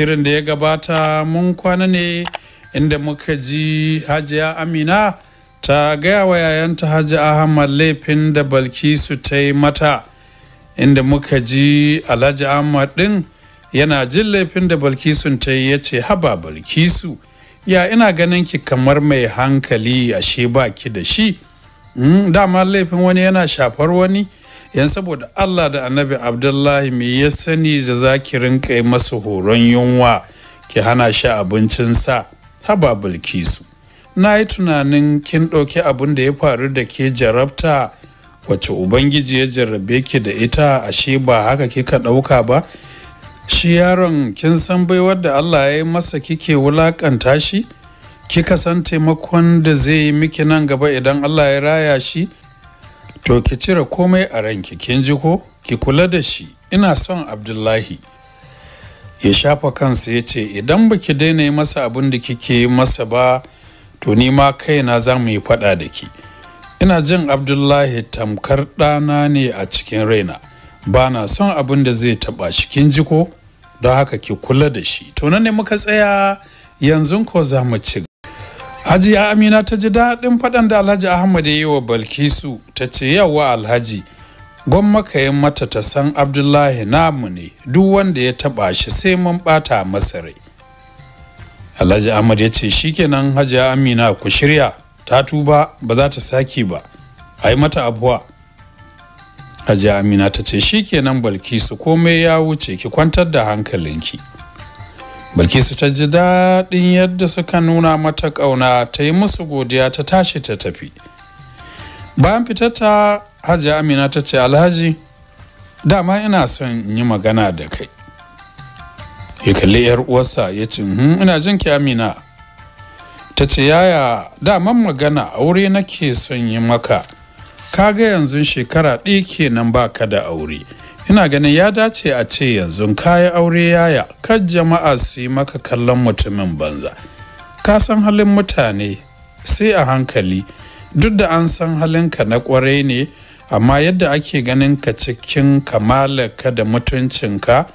shirin da ya gabata mun kwana ne inda muka ji hajiya amina ta gaya wa yayanta hajji ahmad laifin da balkisu ta yi mata inda muka ji alhaji ahmad din yana jin laifin da balkisun ta yi ya ce haba balkisu ya ina ganin ki kamar mai hankali ashe ba ki da shi hmm, dama laifin wani yana shafar wani yan saboda allah da annabi abdullahi me ya sani da zaki ki rinka masa horon yunwa ki hana shi abincin sa. haba bilkisu na yi tunanin kin ɗauki abin da ya faru da ke jarabta wacce ubangiji ya jarrabe ki da ita ashe ba haka kika ɗauka ba shi yaron kin san bai da allah ya yi masa kike wulakanta shi kika san taimakon da zai yi miki nan gaba idan allah ya raya shi To ki cire komai a ranki kin ji ko ki kula da shi ina son Abdullahi. Ya shafa kansa ya ce idan baki daina yi masa abin da kike masa ba to ni ma kaina za mu yi faɗa da ki. Ina jin Abdullahi tamkar ɗana ne a cikin raina ba na son abin da zai taɓa shi kin ji ko don haka ki kula da shi. To nan ne muka tsaya yanzu ko za mu ci hajiya amina ta ji daɗin faɗan da alhaji ahmad ya yi wa balkisu ta ce yawa alhaji gwamma mata ta san abdullahi namu ne duk wanda ya taɓa shi sai mun ɓata masa rai alhaji ahmad ya ce shikenan hajiya amina ku shirya ta tuba ba za ta saki ba a yi mata abuwa hajiya amina ta ce shikenan balkisu komai ya wuce ki kwantar da hankalinki bilkisu ta ji daɗin yadda suka nuna mata ƙauna ta yi musu godiya ta tashi ta tafi bayan fitarta hajji amina ta ce alhaji dama ina son yi magana da kai ya kalli yar uwarsa ya ce hmm, ina jin ki amina ta ce yaya daman magana aure nake son yi maka kaga yanzu shekara ɗaya kenan baka da aure ina ganin ya dace a ce yanzu kayi aure yaya kan jama'a su yi maka kallon mutumin banza ka san halin mutane sai a hankali duk da an san halinka na kwarai ne amma yadda ake ganin ka cikin kamalarka da mutuncinka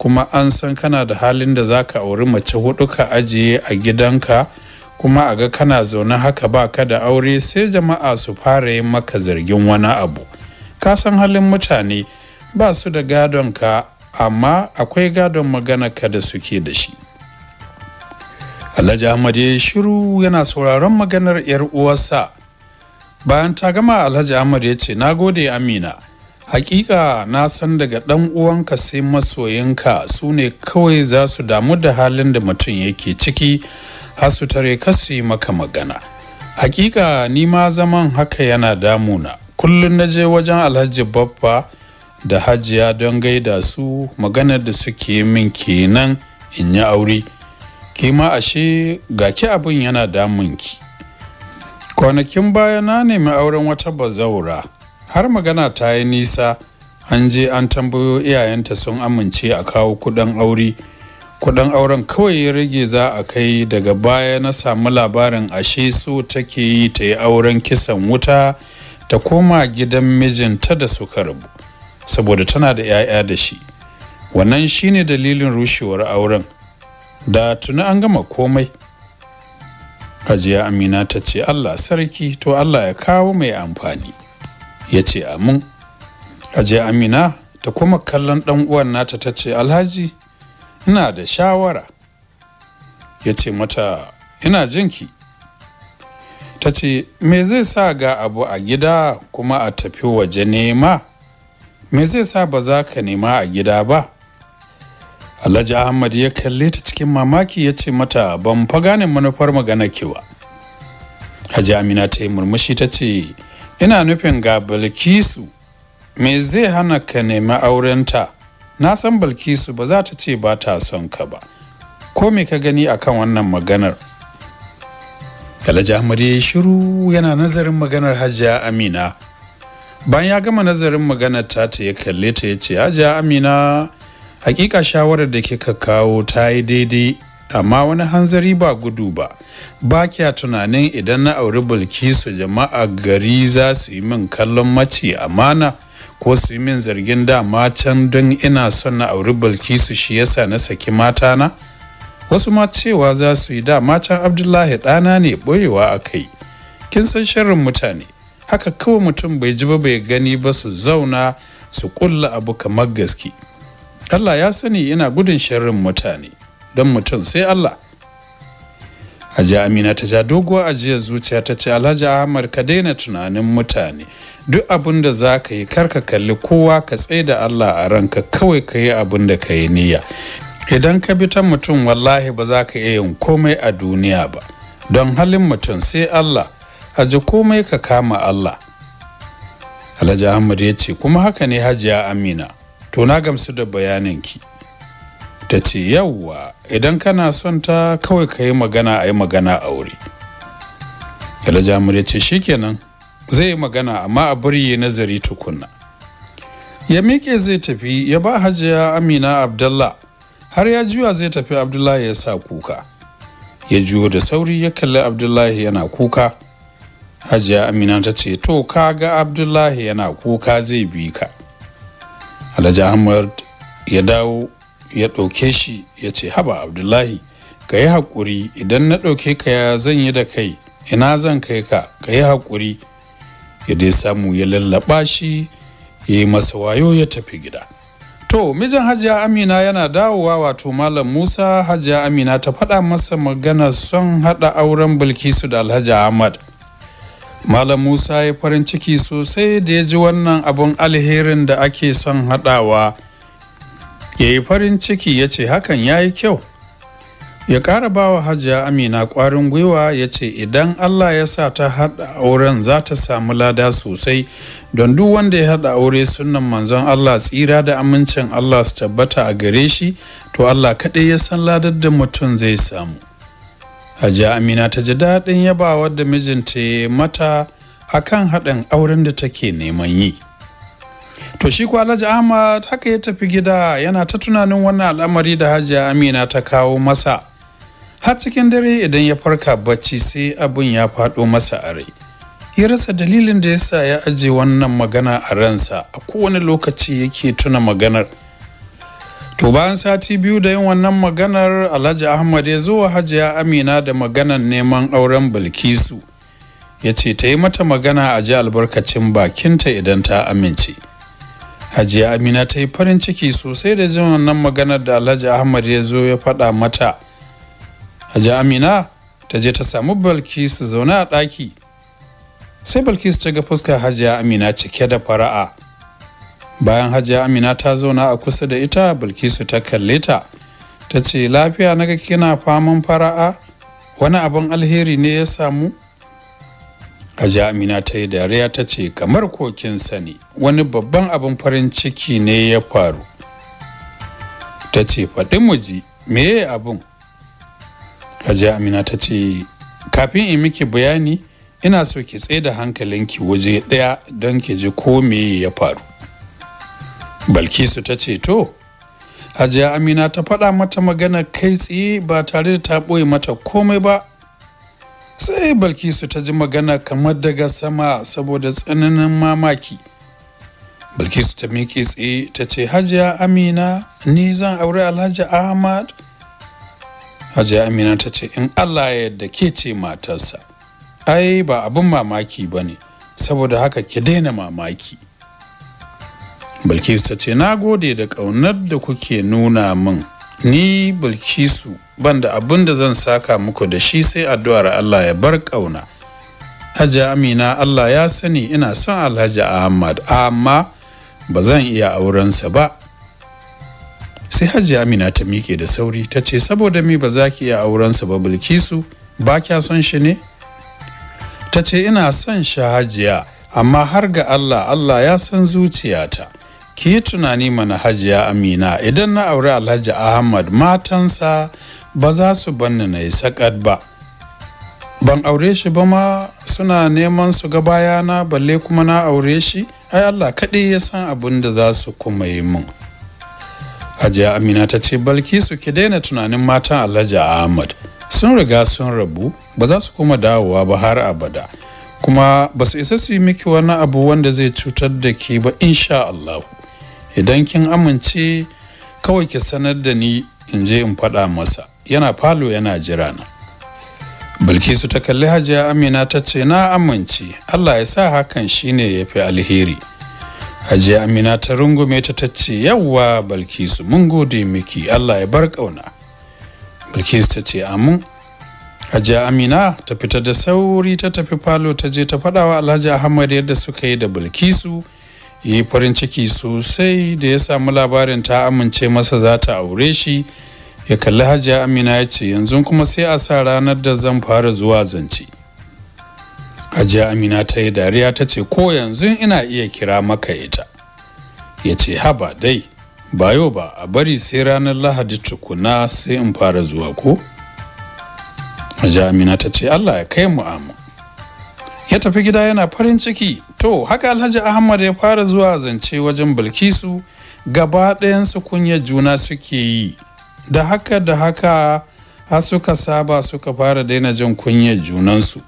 kuma an san kana da halin da za ka auri mace hudu ka ajiye a gidanka kuma a ga kana zaune haka ba ka da aure sai jama'a su fara yin maka zargin wani abu ka san halin mutane ba su da gadon ka amma akwai gadon ka da suke da shi alhaji ahmad ya shiru yana sauraron maganar yar uwarsa bayan ta gama alhaji ahmad ya ce na gode amina hakika na san daga dan uwanka sai masoyinka su ne kawai za su damu da halin da mutum yake ciki har su tare ka su yi maka magana hakika ni ma zaman haka yana damuna kullum na je wajen alhaji babba da hajiya don gaida su maganar da suke min kenan in yi aure ke ma ashe ga ki abin yana damun ki. kwanakin baya na nemi auren wata bazaura har magana ta yi nisa an je an tambayo iyayenta sun amince a kawo kudin aure kudin auren kawai ya rage za a kai daga baya na samu labarin ashe so take yi ta yi auren kisan wuta ta koma gidan mijinta da suka rabu saboda tana da 'ya'ya da shi wannan shine dalilin rushewar auren da tuni an gama komai hajiya amina ta ce allah sarki to allah ya kawo mai amfani ya ce amin hajiya amina ta kuma kallon dan uwan nata ta ce alhaji ina da shawara ya ce mata ina jinki ta ce me zai sa ga abu a gida kuma a tafi waje nema me zai sa ba za ka nema a gida ba alhaji ahmad ya kalle ta cikin mamaki ya ce mata ban fa gane manufar magana ki ba hajji amina ta yi murmushi ta ce ina nufin ga balkisu me zai hana ka nemi aurenta na san balkisu ba za ta ce ba ta son ka ba ko me ka gani akan wannan maganar alhaji ahmad ya yi shiru yana nazarin maganar Hajiya amina bayan ya gama nazarin magana ta ta ya kalle ta ya ce hajiya amina hakika shawarar da kika kawo ta yi daidai amma wani hanzari ba gudu ba ba kya tunanin idan na auri bilkisu jama'a gari za su yi min kallon mace amana ko su yi min zargin dama can don ina son na auri bilkisu shi yasa na saki mata na wasu ma cewa za su yi dama can abdullahi ɗana ne ɓoyewa a kai kin san sharrin mutane haka kawai mutum bai ji ba bai gani ba su zauna su kulla abu kamar gaske Allah ya sani ina gudun sharrin mutane don mutum sai Allah Hajji Amina ta ja doguwa ajiyar zuciya ta ce Alhaji Ahmad ka daina tunanin mutane duk abin da za ka yi karka kalli kowa ka tsaye da Allah a ranka kawai ka yi abin da ka yi niyya idan ka bi ta mutum wallahi ba za ka iya yin komai a duniya ba don halin mutum sai Allah a ji komai ka kama Allah Alhaji Ahmad ya ce kuma haka ne Hajiya Amina to na gamsu da bayaninki ta ce yawwa idan kana son ta kawai ka yi magana a yi magana a wuri Alhaji Ahmad ya ce shikenan zai yi magana amma a birye nazari tukunna ya miƙe zai tafi ya ba Hajiya Amina abdullah har ya juya zai tafi Abdullahi ya sa kuka ya juyo da sauri ya kalli Abdullahi yana kuka hajiya amina ta ce to kaga abdullahi yana kuka zai bi ka alhaji ahmad ya dawo ya ɗauke shi ya ce haba abdullahi ka yi haƙuri idan na ɗauke ka ya zan yi da kai ina zan kai ka ka yi haƙuri ya dai samu ya lallaɓa shi ya yi masa wayo ya tafi gida to mijin hajiya amina yana dawowa wato malam musa hajiya amina ta faɗa masa magana son haɗa auren bilkisu da alhaji ahmad malam musa ya farin ciki sosai da ya ji wannan abun alherin da ake son haɗawa ya yi farin ciki ya ce hakan ya yi kyau ya ƙara ba wa hajiya amina ƙwarin gwiwa ya ce idan allah ya sa ta haɗa auren za ta samu lada sosai don duk wanda ya haɗa aure sunan manzon allah tsira da amincin allah su tabbata a gare shi to allah kaɗai ya san ladar da mutum zai samu hajiya amina ta ji daɗin yabawa da mijinta mata a kan haɗin auren da take neman yi to shi kuwa alhaji ahmad haka ya tafi gida yana ta tunanin wannan al'amari da hajiya amina ta kawo masa har cikin dare idan ya farka bacci sai abin ya faɗo masa a rai ya rasa dalilin da yasa ya aje wannan magana a ransa a kowane lokaci yake tuna maganar to bayan sati biyu da yin wannan maganar alhaji ahmad ya zo wa hajiya amina da maganar neman auren bilkisu ya ce ta yi mata magana a ji albarkacin bakinta idan ta amince hajiya amina ta yi farin ciki sosai da jin wannan maganar da alhaji ahmad ya zo ya faɗa mata hajiya amina ta je ta samu bilkisu zaune a ɗaki sai bilkisu ta ga fuskar hajiya amina cike da fara'a bayan hajiya amina ta zauna a kusa da ita bilkisu ta kalle ta ta ce lafiya na ga kina faman fara'a wani abin alheri ne ya samu hajiya amina ta yi dariya ta ce kamar kokin sani wani babban abin farin ciki ne ya faru ta ce faɗi mu ji meye abin hajiya amina ta ce kafin in miki bayani ina so ki tsaye da hankalinki waje ɗaya don ki ji ko meye ya faru Balkisu ta ce to, Hajiya Amina ta faɗa mata magana kai tsaye ba tare da ta ɓoye mata komai ba. Sai Balkisu ta ji magana kamar daga sama saboda tsananin mamaki. Balkisu ta miƙe tsaye ta ce Hajiya Amina ni zan aure Alhaji Ahmad. Hajiya Amina ta ce in Allah ya yarda ke ce matarsa. Ai ba abin mamaki ba ne saboda haka ki daina mamaki. Bilkisu ta ce na gode da ƙaunar da kuke nuna min ni Bilkisu ban da abin da zan saka muku da shi sai addu'ar Allah ya bar ƙauna. Hajji Amina Allah ya sani ina son Alhaji Ahmad amma ba zan iya aurensa ba. Sai Hajji Amina ta miƙe da sauri ta ce saboda mi ba za ki iya aurensa ba Bilkisu ba kya son shi ne? Ta ce ina son shi Hajiya amma har ga Allah Allah ya san zuciyata. ki yi tunani mana hajiya amina idan na aure alhaji ahmad matansa ba za su banni na yi sakat ba ban aure shi ba ma suna neman su ga bayana balle kuma na aure shi ai allah kaɗai ya san abin da za su kuma yi mun hajiya amina ta ce su ki daina tunanin matan alhaji ahmad sun riga sun rabu ba za su kuma dawowa ba har abada kuma ba su isa su yi miki wani abu wanda zai cutar da ke ba insha Allah. idan kin amince kawai ki sanar da ni in je in faɗa masa yana falo yana jira na bilkisu ta kalli hajiya amina ta ce na amince allah ya sa hakan shine ya fi alheri hajiya amina ta rungume ta ta ce yawwa bilkisu mun gode miki allah ya bar ƙauna bilkisu ta ce amin hajiya amina ta fita da sauri ta tafi falo ta je ta faɗawa alhaji ahmad yadda suka yi da bilkisu yi farin ciki sosai da ya samu labarin ta amince masa za ta aure shi ya kalli hajiya amina ya ce yanzu kuma sai a sa ranar da zan fara zuwa zance hajiya amina ta yi dariya ta ce ko yanzu ina iya kira maka ita ya ce haba dai ba yau ba a bari sai ranar lahadi tukuna sai in fara zuwa ko hajiya amina ta ce allah ya kai mu amu ya tafi gida yana farin ciki to haka alhaji ahmad ya fara zuwa zance wajen bilkisu gaba ɗayansu kunya juna suke yi da haka da haka har suka saba suka fara daina jin kunya junansu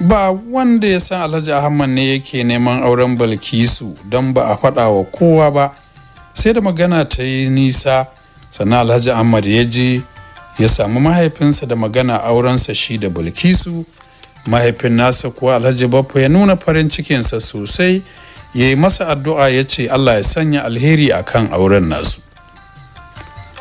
ba wanda ya san alhaji ahmad ne yake neman auren bilkisu don ba a faɗa wa kowa ba sai da magana ta yi nisa sannan alhaji ahmad ya je ya samu mahaifinsa da magana aurensa shi da bilkisu mahaifin nasa kuwa alhaji baffa ya nuna farin cikinsa sosai ya yi masa addu'a ya ce allah ya sanya alheri a kan auren nasu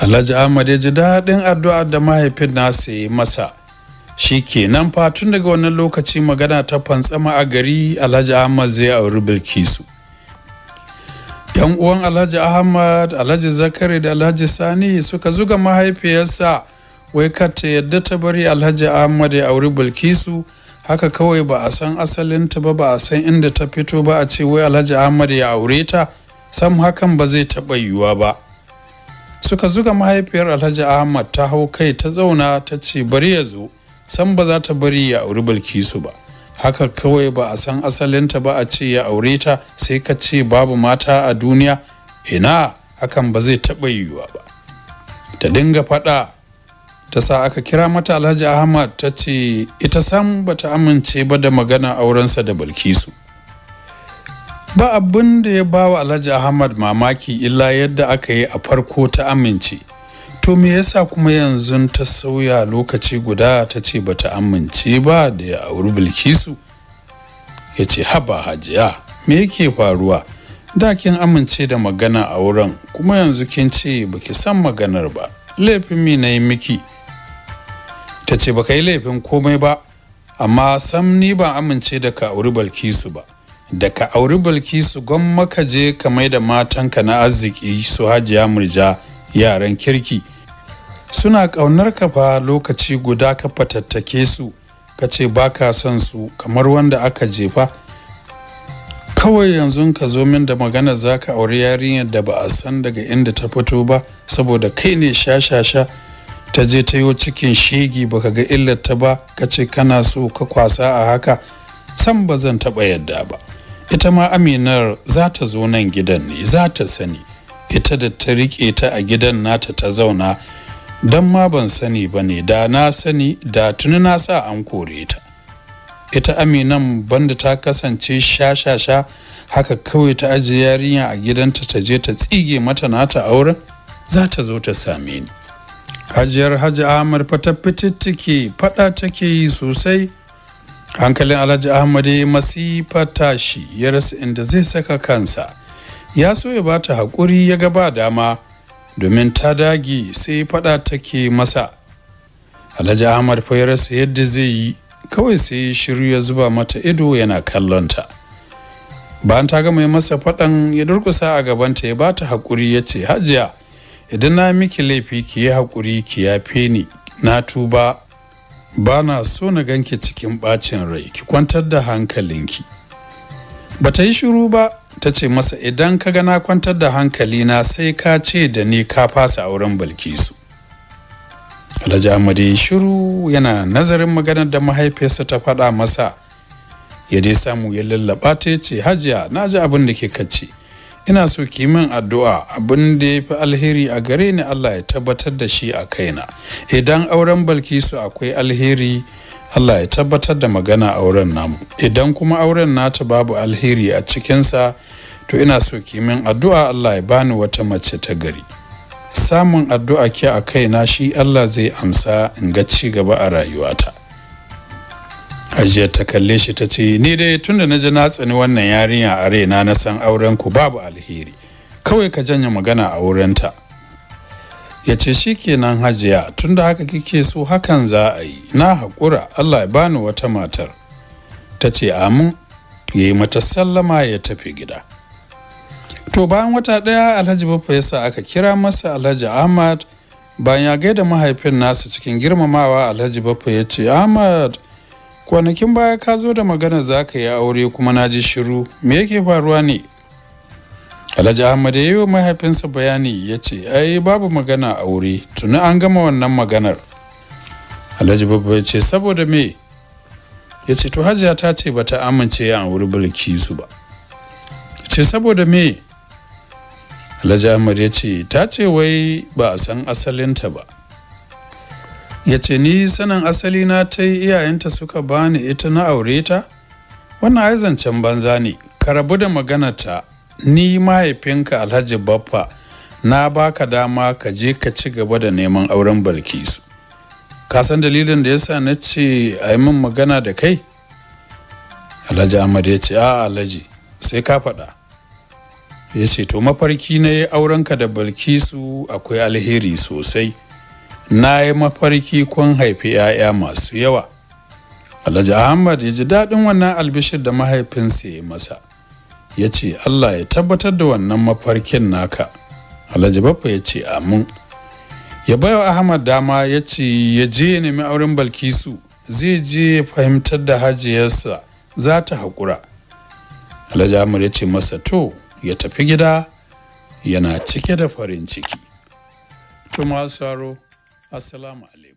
alhaji ahmad ya ji daɗin addu'a da mahaifin nasa ya yi masa shi kenan fatun daga wannan lokaci magana ta fantsama a gari alhaji ahmad zai auri bilkisu yan uwan alhaji ahmad alhaji zakari da alhaji sani suka zuga mahaifiyarsa wai ta yadda ta bari alhaji ahmad ya auri bilkisu haka kawai ba a san asalinta ba ba a san inda ta fito ba a ce wai alhaji ahmad ya aure ta sam hakan ba zai taɓa yiwuwa ba suka zuga mahaifiyar alhaji ahmad ta hau kai ta zauna ta ce bari ya zo sam ba za ta bari ya auri bilkisu ba haka kawai ba a san asalinta ba a ce ya aure ta sai ka ce babu mata a duniya ina hakan ba zai taɓa yiwuwa ba ta dinga faɗa ta sa aka kira mata alhaji ahmad ta ce ita sam bata amince ba da magana aurensa da bilkisu ba abin da ya bawa alhaji ahmad mamaki illa yadda aka yi a farko ta amince to me yasa kuma yanzu ta sauya lokaci guda ta ce bata amince ba da ya auri bilkisu ya ce haba hajiya me yake faruwa da kin amince da magana a wurin kuma yanzu kin ce baki san maganar ba laifin mi na yi miki ta ce ba ka yi laifin komai ba amma sam ni ban amince da ka auri balkisu ba da ka auri balkisu gwan maka je ka mai da ka na arziki su hajiya murja yaran kirki suna ƙaunar ka fa lokaci guda ka fatattake su ka ce ba ka son su kamar wanda aka jefa kawai yanzu ka zo min da magana za ka auri yarinyar da ba a san daga inda ta fito ba saboda kai ne shashasha ta je ta yi cikin shegi baka ga illar ta ba ka ce kana so ka kwasa a haka san ba zan taɓa yadda ba ita ma aminar za ta zo nan gidan ne za ta sani ita da ta riƙe ta a gidan nata ta zauna don ma ban sani ba ne da na sani da tuni na sa an kore ta ita aminan banda ta kasance sha-sha-sha haka kawai ta ajiye yarinya a gidanta ta je ta tsige mata nata auren za ta zo ta same ni hajiyar hajji ahmad fata fitittike fada take yi sosai hankalin alhaji ahmad ya masifa shi ya rasa inda zai saka kansa ya so ya bata haƙuri ya ga ba dama domin ta dagi sai fada take masa alhaji ahmad fa ya rasa yadda zai yi kawai sai shiru ya zuba mata ido yana kallonta bayan ta gama masa faɗan ya durkusa a gabanta ya ba ta haƙuri ya ce hajiya idan na miki laifi ki yi haƙuri ki yafe ni na tuba ba na so na ganki cikin bacin rai ki kwantar da hankalinki ba ta yi shiru ba ta ce masa idan ka gana kwantar da hankali na sai ka ce da ni ka fasa auren bilkisu alhaji amadi shiru yana nazarin maganar da mahaifiyarsa ta faɗa masa ya dai samu ya lallaba ta ce hajiya na ji abin da ke kace ina so ki min addu'a abin da ya fi alheri a gare ni Allah ya tabbatar da shi a kaina idan auren balkisu akwai alheri Allah ya tabbatar da magana auren namu idan kuma auren nata babu alheri a cikinsa to ina so ki min addu'a Allah ya bani wata mace ta gari samun addu'a ke a kaina shi Allah zai amsa in ga ci gaba a rayuwata Hajiyar ta kalle shi ta ce ni dai tunda na ji na tsani wannan yarinya a raina na san auren ku babu alheri kawai ka janya magana a wurinta ya ce shi kenan hajiya tunda haka kike so hakan za a yi na haƙura Allah ya bani wata matar ta ce amin ya yi mata sallama ya tafi gida to bayan wata ɗaya alhaji baffa ya sa aka kira masa alhaji ahmad bayan ya gaida mahaifin nasa cikin girmamawa alhaji baffa ya ce ahmad kwanakin baya ka zo da magana za ka yi aure kuma na ji shiru me yake faruwa ne alhaji ahmad ya yi wa mahaifinsa bayani ya ce ai babu magana aure tuni an gama wannan maganar alhaji babba ya ce saboda me ya ce to hajiya ta ce bata amince ya auri bilkisu ba ce saboda me alhaji ahmad ya ce ta ce wai ba a san asalinta ba ya ce ni sanin asali na ta yi iyayenta suka bani ita na aure ta wannan ai zancen banza ne ka rabu da magana ta. ni mahaifinka alhaji baffa na baka dama ka je ka ci gaba da neman auren balkisu ka san dalilin da yasa na ce a yi min magana da kai alhaji ahmad ya ce a alhaji sai ka faɗa ya ce to mafarki na yi aurenka da balkisu akwai alheri sosai na yi mafarki kun haifi 'ya'ya masu yawa alhaji ahmad ya ji daɗin wannan albishir da mahaifinsa ya masa ya ce allah ya tabbatar da wannan mafarkin naka alhaji baffa ya ce amin ya baiwa ahmad dama ya ce ya je ya nemi auren balkisu zai je ya fahimtar da hajiyarsa za ta haƙura alhaji ahmad ya ce masa to ya tafi gida yana cike da farin ciki. tumasaro Assalamu alaikum.